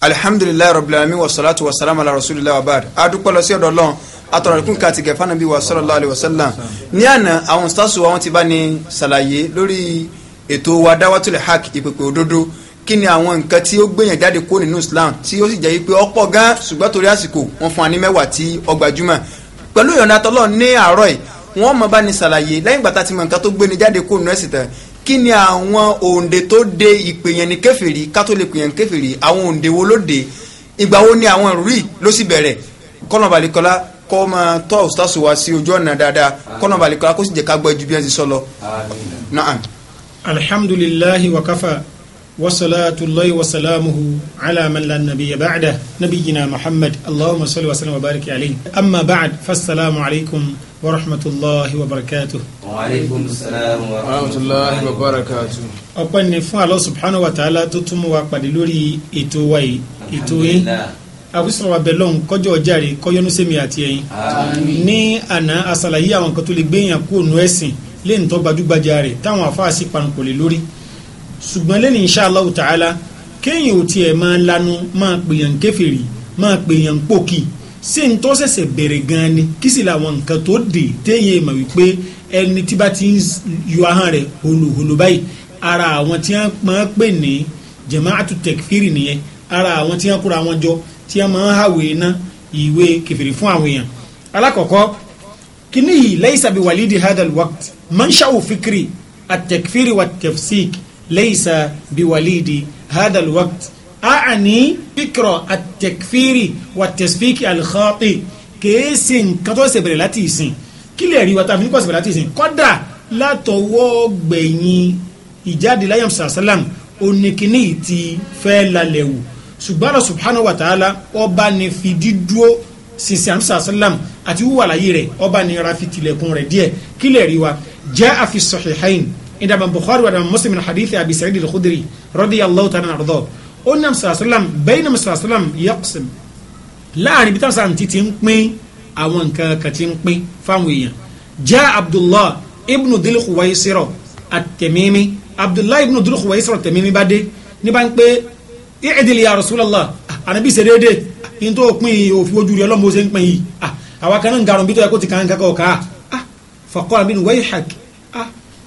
alihamdulilayi rabilami wasalatu wasalamu ala rasulilayi wabari adúpẹ́ lọ sí ọ̀dọ̀ Ọlọ́run atọ̀rọ̀kún kàti gẹ̀fà nàbí wa sallallahu alaihi wasallam ní àná àwọn stars wa wọn ti bá ní ṣàlàyé lórí ètò wa dáwàtúlẹ̀ hak ìpèpè òdodo kí ni àwọn nǹkan tí ó gbẹ̀yàn jáde kó nínú Islam tí ó sì jẹ́ wípé ọ̀pọ̀ gan ṣùgbọ́n torí àsìkò wọn fún wa ní mẹ́wàá tí ọgbàjúmọ̀ pẹ̀lú ìyọ̀nà atọ́lọ́ ní àárọ̀ yìí wọ́n mọ̀ bá ní ṣàlàyé lẹ́yìn gbàtà tí mọ̀ nǹkan tó gbéni jáde kó nínú ẹ̀sìn tẹ̀ kí ni àwọn òǹdè tó de ìpèyàn ní kèfèrí ká tó lè pèyàn ní kèfèrí àwọn òǹdè wo ló de ìgbà wo ni àwọn ìrúrí ló sì bẹ̀rẹ̀ kọ́nà balẹ̀kọ́lá kọ́ máa tọ́ ọ̀sítàṣù wa sí ojú ọ̀nà dáadáa kọ́nà balẹ̀kọ́lá kó sì jẹ́ ká gbọ́ ju bí ẹ ti sọ lọ. alhamdulillahi wa kafa. وصلاة الله وسلامه على من لا نبي بعده نبينا محمد اللهم صل وسلم وبارك عليه أما بعد فالسلام عليكم ورحمة الله وبركاته وعليكم السلام ورحمة الله وبركاته ọpẹ́ ni fún Allah subhanahu wa ta'ala tó tún mú wa pàdé lórí ètò wa yìí ètò yìí àbúsọ̀rọ̀ abẹ́lọ́hún kọjọ́ ọjàre kọyọ́nú sẹ́mi àti ẹ̀yìn ní àná àṣàlàyé àwọn kan tó lè gbéyàn kúrò ẹ̀sìn lẹ́yìn gbajúgbajà rẹ̀ táwọn àfáà sì panupọ̀ lórí ṣùgbọ́n lẹ́nu insha Allah ta'ala kéèyàn ò tiẹ̀ máa lanu máa pèèyàn kèfèrí máa pèèyàn pòkì ṣé n tó ṣẹ̀ṣẹ̀ bẹ̀rẹ̀ gan ni kí sì làwọn nǹkan tó dé téèyàn mọ̀ wípé ẹni tí bá ti ń yọ ahọ́n rẹ̀ holoholo báyìí ara àwọn tí wọ́n máa pè ní jama'atu tekfiri nìyẹn ara àwọn tí wọ́n kóra wọn jọ tí wọ́n máa ń hàwé iná ìwé kèfèrí fún àwọn èèyàn alákọ̀ọ́kọ́ kíní yìí laysa bi walidi hadal waqt mansha'u fikri at-takfiri wa ليس بوليدي هذا الوقت أعني فكرة التكفير والتسفيك الخاطئ kèésì nǹkan tó ṣe bẹ̀rẹ̀ láti ìsìn kí lè rí wa tá a fi ní kó ṣe bẹ̀rẹ̀ láti ìsìn kọ́dà látọwọ́ gbẹ̀yìn ìjáde láyàm sàlám oníkíní ti fẹ́ lálẹ́ wò ṣùgbọ́n lọ subhanahu wa ta'ala ọba ni fi dídúró sinsin àmì sàlám àti wúwà ni ra fi tilẹ̀kùn rẹ̀ wa jẹ́ àfi sahihain عند من بخاري وعند مسلم من حديث أبي سعيد الخدري رضي الله تعالى عنه أرضاه أن صلى الله عليه وسلم بين صلى الله عليه يقسم láàrin bí táwọn ti ti ń pín àwọn nǹkan kan ti ń pín fáwọn èèyàn já abdullah ibnu dilkhuwaisiro atẹmímí abdullah ibnu dilkhuwaisiro tẹmímí bá dé ní bá ń pé ìcìdìlì ya rasulallah anabi ah, ṣe déédéé yín tó pín yìí òfin ojú rẹ ọlọ́mọ ṣe ń pín yìí ah, àwa kan náà ń garun bí tó yẹ kó ti kàn án kankan ọ̀ka ah, faqala bin wayhak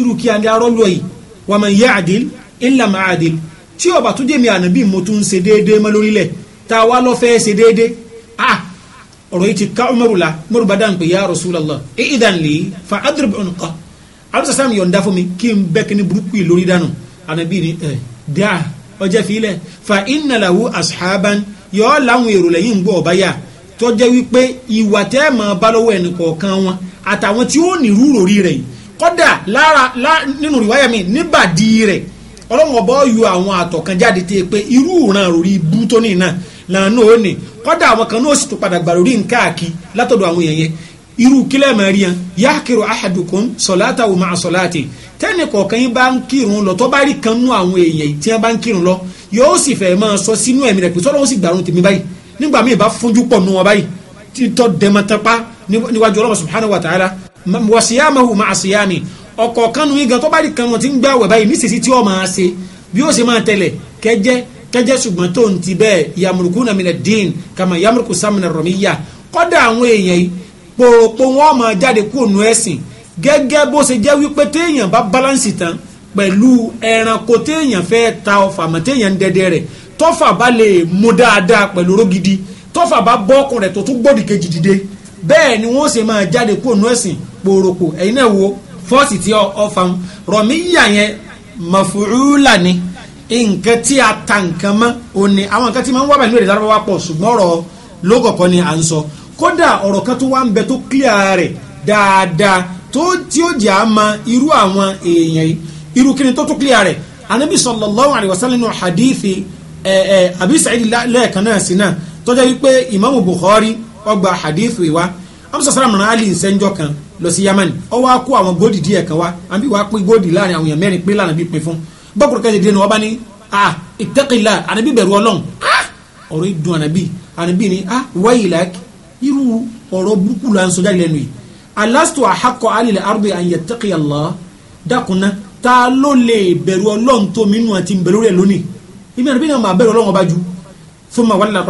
irú kí adé arọ́lù ẹ̀yìn wàmà yẹ àdìl illa ma àdìl tí ọba tó jẹ́mi ànábì mo tún ń ṣe déédéé mọ́ lórílẹ̀ tá a wá lọ fẹ́ ṣe déédéé ah ọ̀rọ̀ yìí ti ká Umaru la Umaru bá dáhùn pé ya Rasulallah ìdàn lè fa adrib unqa alùsà sàmì yọ̀ǹda fún mi kí n bẹ́ kíní burúkú yìí lórí dànù ànábì ni ẹ̀ eh, dáa ọjẹ́ fílẹ̀ fa inna lahu yọ̀ọ́ làwọn èrò lẹ́yìn gbọ́ ọ̀bá yà tọ́jẹ́ wípé ìwà tẹ́ẹ̀ máa bá lọ́wọ́ ẹnì wọn àtàwọn tí ó nírú ròrí rẹ̀ yìí kọ́dà lára nínú ìwáyà mi níbàdí rẹ̀ ọlọ́run ọba yọ àwọn àtọ̀ kan jáde tẹ́ pé irú ìran orí ibú tó ní náà lànà ó ní kọ́dà àwọn kan náà sì tún padà gbàrú rí nǹkan àkí látọ̀dọ̀ àwọn èèyàn yẹn irú kílẹ̀ mọ̀ rí yan yá kírun ahadukum sọ̀láta wò máa sọ̀láta tẹ́nì kọ̀ọ̀kan yín bá ń kírun lọ tó bá rí kan nú àwọn èèyàn tí wọ́n bá ń kírun lọ yóò sì fẹ́ máa sọ sínú ẹ̀mí rẹ̀ pé sọ́dọ̀ sì gbàrún tèmi báyìí nígbà míì bá fúnjú pọ̀ nù wọn báyìí títọ́ dẹmọ́tẹ́pá níwájú ọlọ́run subhanahu wa ta'ala wàsíyàmáwò máa síyàmì ọkọ̀ kanu yín gan tó bá di kan wọn ti ń gbà wẹ̀ báyìí nísinsìnyí tí ó máa ṣe bí ó ṣe máa tẹ̀lẹ̀ kẹjẹ kẹjẹ ṣùgbọ́n tó ń ti bẹ́ẹ̀ yamurukú namina dín kama yamurukú samina rọ̀míyà kọ́dà àwọn èèyàn yìí pòròpó wọn máa jáde kú ònú ẹ̀sìn gẹ́gẹ́ bó ṣe jẹ́ wípé téèyàn bá bálánsì tán pẹ̀lú ẹranko téèyàn fẹ́ ta ọfà mọ́ téèyàn ń dẹdẹ rẹ̀ tọ́fà bá lè mú dáadáa pẹ̀lú rógidi tọ́fà bá bọ́ ọkùnrin rẹ̀ tó tún gbòdì kejì dìde bẹ́ẹ̀ ni wọ́n ṣe máa jáde kúrò nú ẹ̀sìn pòròpò ẹ̀yin náà wo fọ́ọ̀sì tí ọfà ń rọ̀míyà yẹn mọ̀fúrúlà ni nǹkan tí a ta nǹkan mọ́ òní àwọn nǹkan tí máa ń wá báyìí lóde lárúbáwá pọ̀ ṣùgbọ́n ọ̀rọ̀ lókọ̀kọ́ ni à ń sọ kódà ọ̀rọ̀ kan tó wá ń bẹ tó clear rẹ̀ dáadáa tó tí ó jà á mọ irú àwọn èèyàn yìí irú kí ni tó tó clear rẹ̀ anabi sallallahu alayhi wa sallam nínú hadithi ẹ ẹ abi sa'id lẹ́ẹ̀kan náà sí náà tọ́jà wípé imaamu bukhari ọgbà hadith wa amusa sara mọ̀nà ali nsẹ́njọ́ kan lọ sí yamani ọwọ́ akó àwọn góòdì díẹ̀ kan wa àbí wàá pín góòdì láàrin àwọn èèyàn mẹ́rin pé lànà bí pín fún bọ́kùrù kẹ́sì dé nu ọba ní a ìtẹ́kìlá ànábì bẹ̀rù ọlọ́run ọ̀rọ̀ ìdùn ànábì ànábì ni a wáyìlá irú ọ̀rọ̀ burúkú la ń sọjá lẹ́nu yìí alastu ahakọ alilẹ ardi an yattaqi Allah dákunná ta ló lè bẹ̀rù ọlọ́run tó mi nù àti bẹ̀rù rẹ̀ lónìí ìmọ̀ ànábì náà máa bẹ̀rù ọlọ́run ọba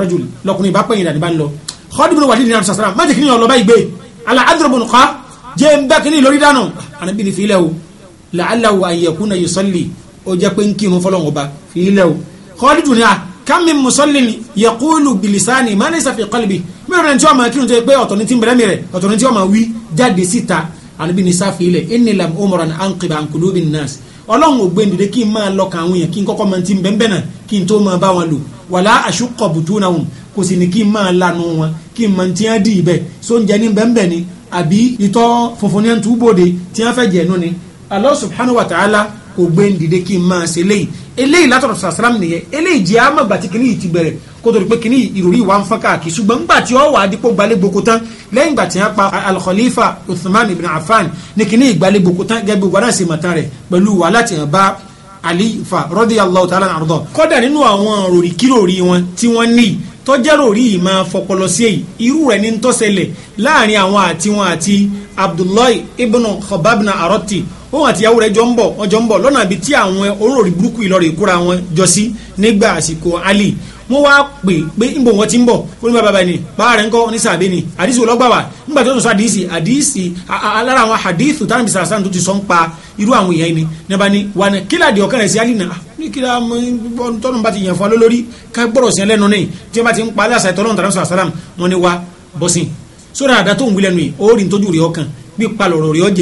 kọ́dùbùrù wà nínú ìrìnàjò sàrà má jẹ́ kí ni ọ̀lọ́ba ìgbé ala adúròbùn kọ́ jẹ́ ń bá kí ni lórí dànù ànábì ní fílẹ̀ o làálàwò àyẹ̀kú na yusalli ó jẹ́ pé ń kírun fọlọ́wọ́n ba fílẹ̀ o kọ́dùbùrù ni a ah, kàmí musallin yaqulu bilisani má ní sàfihàn qalbi mẹ́rin ní tí wọ́n máa kírun tó yẹ pé ọ̀tọ̀ ní ti ń bẹ̀rẹ̀ mi rẹ̀ ọ̀tọ̀ ní tí wọ́n máa wí jáde síta ànábì ní sáfìlẹ̀ inni lam umra an anqiba an qulubi nnas ọlọ́run ò gbẹ́ndìdé kí n máa lọ kàn àwọn èèyàn kí n kọ́kọ́ máa ti ń bẹ́ẹ̀ bẹ́ẹ̀ náà kí n tó kò sì ní kí n máa lanu wọn kí n máa tiẹ́ dì í bẹ̀ sóúnjẹ ní bẹ́ẹ̀nbẹ́ẹ̀ ni àbí itọ́ funfun ní ẹ̀ntú bòde tí wọ́n fẹ́ jẹ́ nù ni Allah subhanahu wa ta'ala kò gbé ń dìde kí n máa ṣe léyìí eléyìí látọ̀rọ̀ sàsàràm nìyẹn eléyìí jẹ́ àmọ́ gbà tí kìnìyì ti bẹ̀rẹ̀ kó tó di pé kìnìyì ìròrí wa ń fọ́n káàkiri ṣùgbọ́n ńgbà tí ó wà á dípò gbalẹ̀ gboko tán lẹ́yìn ìgbà tí wọ́n pa al Uthman ibn Affan ní kìnìyì gbalẹ̀ gboko tán gẹ́gẹ́ bí wọn náà ṣe rẹ̀ pẹ̀lú wa láti hàn bá Ali fa ta'ala anhu. kódà nínú àwọn ròrí kíròrí wọn tí wọ́n ní tọ́jẹ́rò rí yìí máa fọpọlọ sí èyí irú rẹ̀ ní tọ́sẹ̀lẹ̀ láàrin àwọn àti wọn àti Abdullahi ibn Khababna Aroti òun àti ìyàwó rẹ̀ jọ ń bọ̀ wọ́n jọ ń bọ̀ lọ́nà àbí tí àwọn orórì burúkú ìlọrin ìkúra wọn jọ sí nígbà àsìkò Ali wọ́n wá pè pé níbo wọ́n ti ń bọ̀ ó ní bàbá bàbá ni bàbá rẹ̀ ń kọ́ ní sàbẹ̀ ni àdìsí olọ́gbà wà nígbà tó ń sọ àdìsí àdìsí alára àwọn àdìsí táwọn bisà sáà tó ti sọ ń pa irú àwọn èèyàn ni nígbà ni wà ní kílà di ọ̀kan rẹ̀ sí Ali náà ah, ní kílà tọ́nù bá ti yàn fún wa lólórí ká gbọ́dọ̀ sí ẹlẹ́nu ní tí wọ́n bá ti ń pa aláṣà ìtọ́lọ́run tàbí sàlám wọn ni wa bọ́sìn sórí àdá tó ń wílẹ̀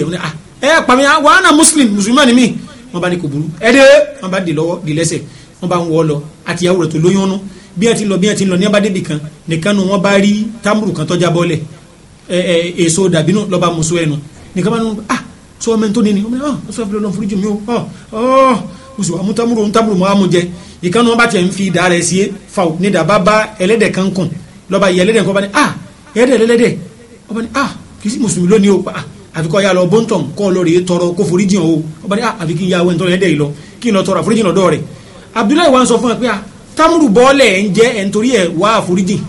nù ẹ pàmì wàhánà muslim mùsùlùmí ni mí wọn bá ní kò burú ẹ dé wọn bá dè lọ́wọ́ dè lẹ́sẹ̀ wọn bá ń wọ lọ àti ìyàwó rẹ̀ tó lóyún ọnu bí wọn ti lọ bí wọn ti lọ ní abádébì kan nìkan nu wọn bá rí támùrù kan tọjá bọ́lẹ̀ ẹ ẹ èso dàbínú lọba musu ẹnu nìkan bá nu ah sọ ọmọ tó nínú ọmọ ọ sọ fúlẹ Ọlọ́run foríjì mi o ọ ọ oṣù àmútamúrò ntàmúrò mọ àmújẹ ìkànnì wọn bá tiẹ̀ ń fi ìdá rẹ̀ sí fàw ní dàbá bá ẹlẹ́dẹ̀ kan kùn lọ́ba yẹ ẹlẹ́dẹ̀ kan bá ní ah ẹlẹ́dẹ̀ ẹlẹ́dẹ̀ ọba ní ah kìí sí mùsùlùmí lónìí o ah àfi kọ́ ya lọ bóńtọ̀n kọ́ lọ rèé tọrọ kó foríjìn o ọba ní ah, àfi kí n ya wẹ́ntọ́ yẹn dẹ̀ yìí lọ kí n lọ tọrọ àforíjìn lọ́dọ̀ rẹ̀ Abdullahi wa ń sọ fún ẹ pé ah, tamuru bọ́ọ̀lẹ̀ ẹ̀ ń jẹ́ ẹ̀ ń torí ẹ̀ wá àforíjìn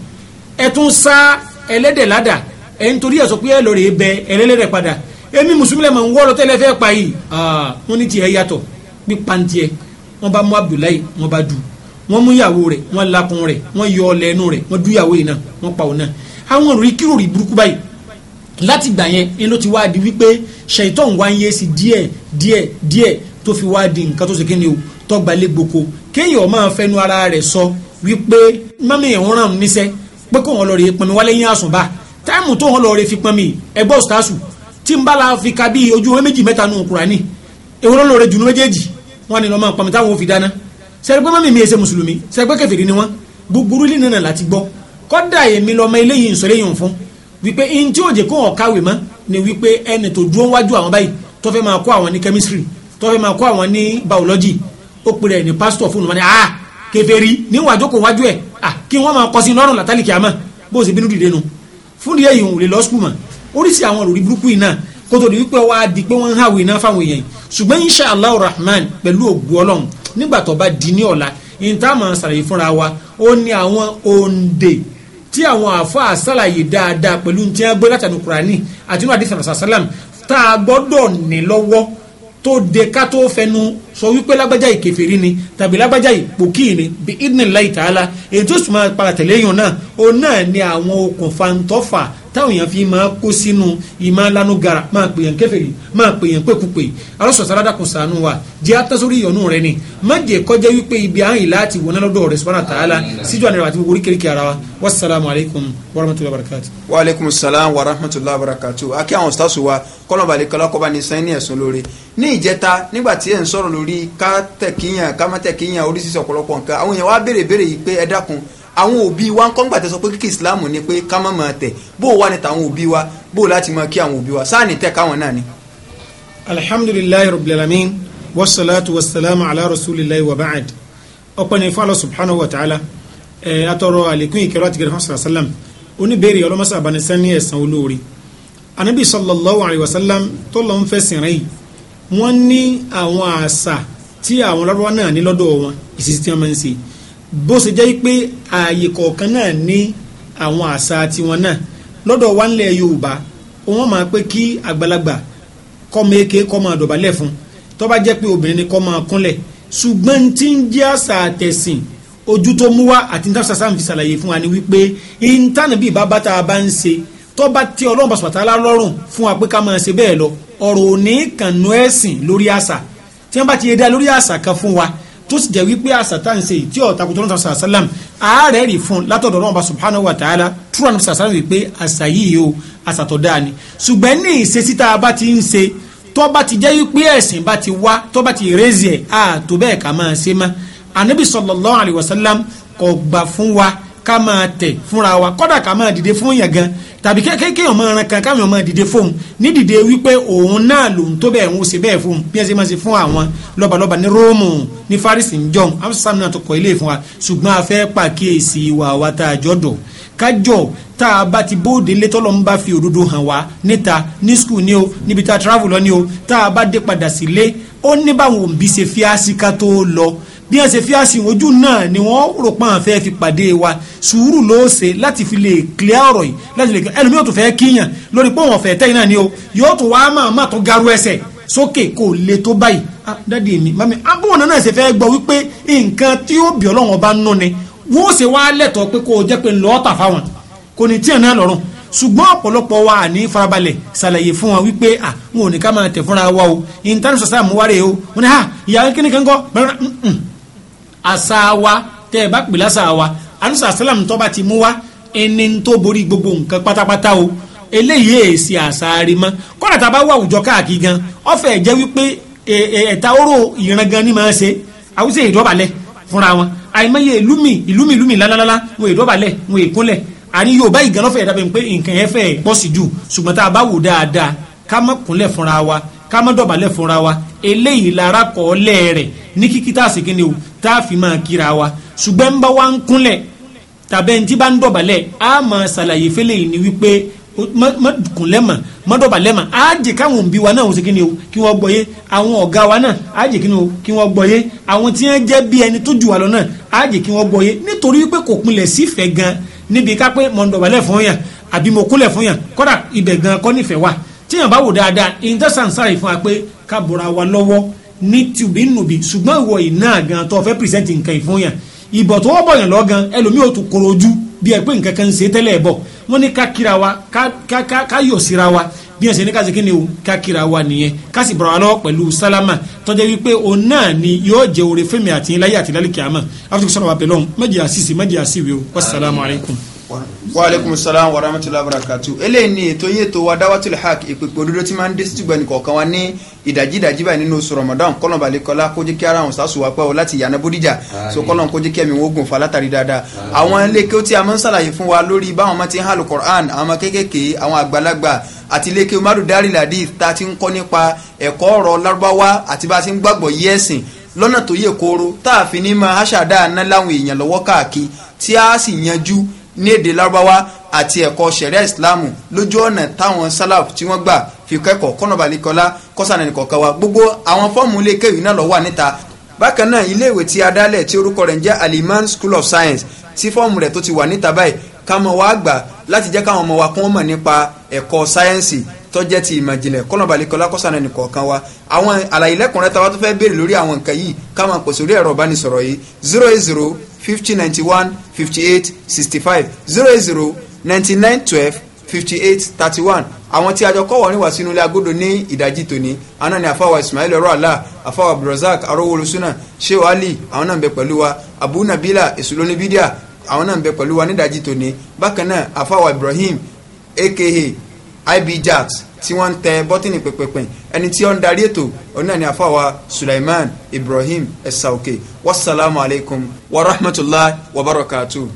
ẹ̀ tún sá ẹlẹ́dẹ̀ ládà ẹ̀ ń torí ẹ̀ sọ pé ẹ̀ lọ rèé bẹ ẹlẹ́lẹ́dẹ̀ padà èmi mùsùlùmí lẹ́mọ̀ ah, Abdullahi wọ́n bá dù wọ́n mú ìyàwó rẹ̀ wọ́n lakun rẹ̀ wọ́n yọ ọlẹ́nu rẹ̀ wọ́n dúyàwó láti gbà yẹn ni ló ti wá di wípé ṣèyítọ́n wá ń yé sí díẹ̀ díẹ̀ díẹ̀ tó fi wá di nǹkan tó ṣe kíni o tọ́gba lé gboko kéèyàn máa fẹnu ara rẹ̀ sọ wípé mami ẹ̀ ń ràn níṣẹ́ pé kó wọn lọ rè é pọnmi wálé yín àsùn bá táìmù tó wọn lọ rè fi pọnmi ẹgbẹ́ òsítàṣù tí n bá la fi ka bí ojú wọn méjì mẹ́ta nù kúránì èwo ló lọ rè jùlọ méjèèjì wọn ni lọ máa pọnmi táwọn ò fi dáná sẹ́rí pé mami mi ẹ̀ wípé in tí ó kó wọn kàwé mọ́ ni wípé ẹni tó dúró wájú àwọn báyìí tó fẹ́ máa kó àwọn ní chemistry tó fẹ́ máa kó àwọn ní biology ó pèrè ẹ̀ ní pastor fún un wọn ni ah kèfèrí níwájú kò wájú ẹ̀ ah kí wọ́n máa kọ́ sí lọ́rùn látàlí kìámà bó o sì bínú dìde nu fún díẹ̀ yìí òun lè lọ skul mọ́ oríṣi àwọn olórí burúkú yìí náà kó tó di wípé wàá di pé wọ́n ń hàwé iná fáwọn èèyàn ṣùgbọ́n insha allah rahman pẹ̀lú ògbó ọlọ́run nígbà tó bá di ní ọ̀la ìntàmọ̀ sàlàyé fúnra wa ó ní àwọn òǹdè tí àwọn àáfàá sàlàyé dáadáa pẹ̀lú tí wọ́n gbé látàánú Kùránì àti inú àdìsí àrùsà sálàm tá a gbọ́dọ̀ ní lọ́wọ́ tó de ká tó fẹnu sọ wípé lágbájá yìí ni tàbí lágbájá yìí ni bí idnillahi ta'ala èyí tó sì máa padà náà òun náà ni àwọn okùnfà ń tọ́fà táwọn èèyàn fi máa kó sínú ìmọ̀ lanu gara máa pèèyàn kèfèrí máa pèèyàn pèkúpè alọ́sọ̀ sárádà kò sànù wa jẹ́ atásórí ìyọ̀nù rẹ ni má jẹ́ kọjá wípé ibi àhìn láti wọná lọ́dọ̀ rẹ̀ subhanahu wa ta'ala síjú àná àti gbogbo oríkèéríkè ara wa wasalaamu alaykum wa rahmatulahi wa barakatu. wa aleykum salaam wa rahmatulahi wa barakatu akí àwọn sitasu wa kọ́lọ́ba àlekọ́lá kọ́ba ní sẹ́yìn ní ẹ̀sùn lórí ní ìjẹta nígbà tí ẹ̀ ń sọ̀rọ̀ lórí ká tẹ̀kíyàn oríṣiríṣi ọ̀pọ̀lọpọ̀ nǹkan àwọn èèyàn wá béèrè béèrè yìí pé ẹ dákun àwọn òbí wa ń kọ́ngbà tẹ sọ pé kíkì islam ni pé ká má máa tẹ̀ bó wà ní tàwọn òbí wa bó láti máa kí àwọn òbí wa sáà ní tẹ̀ káwọn náà ni. alhamdulilayi rabbil wasalaatu wasalaamu ala rasulilayi wa ba'ad ọpẹ́ ní fọlọ subhanahu wa ta'ala ẹ atọrọ àlékún ìkẹrọ àti gẹrẹ fọsọ salam oníbèrè ọlọmọsọ abanisẹn ní ẹ̀san olóore anabi sallallahu alayhi wa sallam tó lọ ń fẹ́ sìnrẹ́ yìí wọ́n ní àwọn àṣà tí àwọn lọ́wọ́ náà ní lọ́dọ̀ wọn ìṣesí tí wọ́n bó ṣe jẹ́ pé ààyè kọ̀ọ̀kan náà ní àwọn àṣà tiwọn náà lọ́dọ̀ wa ńlẹ̀ yorùbá wọ́n máa pé kí àgbàlagbà kọ́mọ eke kọ́mọ àdọ̀bálẹ̀ fún tó bá jẹ́ pé obìnrin ni kọ́mọ kúnlẹ̀ ṣùgbọ́n tí ń jẹ́ àṣà àtẹ̀sìn ojú tó mú wá àti nítorí sàṣà ń fi ṣàlàyé fún wa ni wípé intanẹ̀bì bàbá tá a bá ń ṣe tó bá tí ọlọ́run bàṣọ àtàlà lọ́rùn fún wa pé ká máa ṣe bẹ́ẹ̀ lọ ọ̀rọ̀ òní kànú ẹ̀sìn lórí àṣà tí wọ́n bá ti yẹ dá lórí àṣà kan fún wa tó sì jẹ́ wípé àṣà tá à ń ṣe tí ọ̀tá kò tó náà sàṣà sálàm ààrẹ rì fún látọ̀dọ̀ náà bá subhanahu wa ta'ala túrọ̀ náà sàṣà wípé àṣà yìí o àṣà tó dáa ni ṣùgbọ́n ní ìṣesí tá a bá ti ń ṣe tó bá ti jẹ́ wípé ẹ̀sìn bá ti wá tó bá ti rẹ́zì ẹ̀ máa ṣe má ànábì sallallahu alaihi wasallam kò gbà fún wa ká máa tẹ̀ fúnra wa kódà ká máa dìde fún yẹn gan tàbí kéèyàn máa ran kan káwọn máa dìde fóun ní dìde wípé òun náà lòun tó bẹ́ẹ̀ ń ṣe bẹ́ẹ̀ fóun bí wọ́n ṣe máa ṣe fún àwọn lọ́balọ́ba ní róòmù ní Fárísì ń jọun amúsàmì náà tó kọ́ ilé fún wa ṣùgbọ́n a fẹ́ pàkíyèsí ìwà wa tá a jọ dọ̀ kájọ tá a bá ti bóde létọ́lọ́ ń bá fi òdodo hàn wá níta ní skul ni o níbi tá a travel lọ ni o tá a bá dé padà sílé ó ní báwọn òbí ṣe fi àsìkà tó lọ bí wọ́n ṣe fi àsìn ojú náà ni wọ́n rò pọ́n àfẹ́ fi pàdé wa sùúrù ló ṣe láti fi lè clear ọ̀rọ̀ yìí láti lè ẹlòmíràn tó fẹ́ kíyàn lórí pé òun ọ̀fẹ́ tẹ́yìn náà ni o yóò tó wá máa má tó garu ẹsẹ̀ sókè kò le tó báyìí ah, dáàdi mi mami abúlé ah, náà ṣe fẹ́ gbọ́ wípé nǹkan tí ó bí ọlọ́run ọba nù ni wọ́n ṣe wá lẹ́tọ̀ọ́ pé kó o jẹ́ pé lọ́ọ́ tà ṣùgbọ́n ọ̀pọ̀lọpọ̀ wa ní farabalẹ̀ ṣàlàyé fún wa wípé à ah, wọn ò ní ká máa tẹ̀ fúnra wa o intanet àmúwárẹ̀ o wọn ni ha ìyá kíni kan kọ́ bẹ́ẹ̀ àṣà wa tẹ́ ẹ bá pè lásà wa anusa salam tó bá ti mú wa ẹni tó borí gbogbo nǹkan pátápátá o eléyìí èsì àṣàárí mọ́ kọ́nà tá a bá wà àwùjọ káàkiri gan ọ̀fẹ́ jẹ́ wípé ẹ̀ẹ̀ta oró ìran gan ni máa ṣe àwùjọ ìdọ́balẹ̀ fúnra wọn àìmọye ìlú mi ìlú mi ìlú mi lálálálá wọn ìdọ́balẹ̀ wọn ìkúnlẹ̀ àní Yorùbá ìgànnọ́fẹ̀ẹ́ dábẹ́ pé nǹkan yẹn fẹ́ẹ́ pọ̀ sí jù ṣùgbọ́n tá a bá wò dáadáa ká mọ̀ fúnra wa kámọ́dọ̀bálẹ̀ fúnra wa eléyìí lára kọ́ọ́lẹ̀ rẹ̀ ní kíkí tá a sì kíni o tá a fi máa kíra wa ṣùgbọ́n bá wa ń kúnlẹ̀ tàbẹ́ ntí bá ń dọ̀bálẹ̀ a máa ṣàlàyé fẹ́lẹ̀ yìí ni wípé mọ́dùkúnlẹ̀ mà mọ́dọ̀bálẹ̀ mà á jẹ́ káwọn òbí wa náà ó sì kíni o kí wọ́n gbọ́ yé àwọn ọ̀gá wa náà á jẹ́ kíni o kí wọ́n gbọ́ yé àwọn tí wọ́n jẹ́ bí ẹni tó jù wá lọ á jẹ́ kí wọ́n gbọ́ tíyàn bá wò dáadáa intersan sáré fún wa pé ká bọ̀ra wa lọ́wọ́ ní tùbí nùbí ṣùgbọ́n ìwọ iná gan tó fẹ́ pírẹsẹ̀ntì nǹkan ìfún yàn ìbọ̀ tó wọ́n bọ̀yàn lọ́gàn ẹlòmíì ò tún kóró ojú bí ẹ pé nǹkan kan ń ṣe tẹ́lẹ̀ ẹ̀ bọ̀ wọ́n ní ká kíra wa ká yọ̀ síra wa bí ẹ ṣe ní ká ṣe kí ni o ká kíra wa nìyẹn ká sì bọ̀ra wa lọ́wọ́ pẹ̀lú sálámà tọ́jẹ́ wípé òun náà ni yóò jẹ́ oore fẹ́mi àti láyé àti lálẹ́ kíámà afẹ́tí sọ̀rọ̀ wa bẹ̀ lọ́hùn mẹ́jì àṣìṣe mẹ́jì àṣìwé o wàsálàmù alaykum wa aleykum salaam wa rahmatulah barakatu eléyìí ni ètò yìí ètò wa dáwàtú lihaq ìpèpè òdodo tí máa ń dé sí tìgbà nìkọ̀ọ̀kan wa ní ìdajì ìdajì báyìí nínú oṣù ramadan kọ́nà balẹ̀kọ́lá kó jẹ́ kí ara àwọn sàṣù wa pẹ́ o láti yànnà bódìjà so kọ́nà kó jẹ́ kí ẹ̀mí wọn gùn fa látàrí dáadáa àwọn ilé kí ó ti àmọ́ ń sàlàyé fún wa lórí báwọn ọmọ ti ń hàlù quran àwọn ọmọ àwọn àgbàlagbà àti ilé kí umaru dari ta ti ń kọ́ nípa ẹ̀kọ́ ọ̀rọ̀ lárúbáwá àti bá ní èdè lárúbáwá àti ẹ̀kọ́ sẹ̀ríà ìsìláàmù lójú ọ̀nà táwọn sálàf tí wọ́n gbà fi kẹ́kọ̀ọ́ kọ́nàbàlíkọ́lá kọ́sànà nìkọ̀ọ̀kan wa gbogbo àwọn fọ́ọ̀mù ilé kéwì náà ló wà níta bákan náà iléèwé tí a dálẹ̀ tí orúkọ rẹ̀ ń jẹ́ aliman school of science tí fọ́ọ̀mù rẹ̀ tó ti wà níta báyìí kámọ́ wa gbà láti jẹ́ káwọn ọmọ wa kún mọ̀ nípa ẹ̀kọ́ sáyẹ́ǹsì tọ́jẹ́ ti ìmọ̀ ìjìnlẹ̀ kọ́nàbàlíkọ́lá kọ́sànà nìkọ̀ọ̀kan wa àwọn àlàyé lẹ́kùnrẹ́ta wa tó fẹ́ béèrè lórí àwọn nǹkan yìí káwọn pèsè orí ẹ̀rọ ìbánisọ̀rọ̀ yìí zero eight zero fifty ninety one fifty eight sixty five zero zero ninety nine twelve fifty eight thirty one àwọn tí àjọ kọ́wọ̀ níwà sínú ilé agodo ní ìdajì tòní àwọn náà ni àfáwà ismail ọ̀rọ̀ àlá àfáwà abdulrasaq arówolosúnà sheu ali àwọn náà ń bẹ pẹ̀lú wa abu nabila esulonibidia àwọn náà ń bẹ pẹ̀lú wa nídajì tòní bákan náà àfáwà ibrahim aka ibjat tí wọ́n ń tẹ bọ́tìnì pẹpẹpẹ ẹni tí ó ń darí ètò oní àfàwà Sulaiman Ibrahim Ẹ̀sàòkè wasalaamualeykum wa rahmatulahi wa barakatu.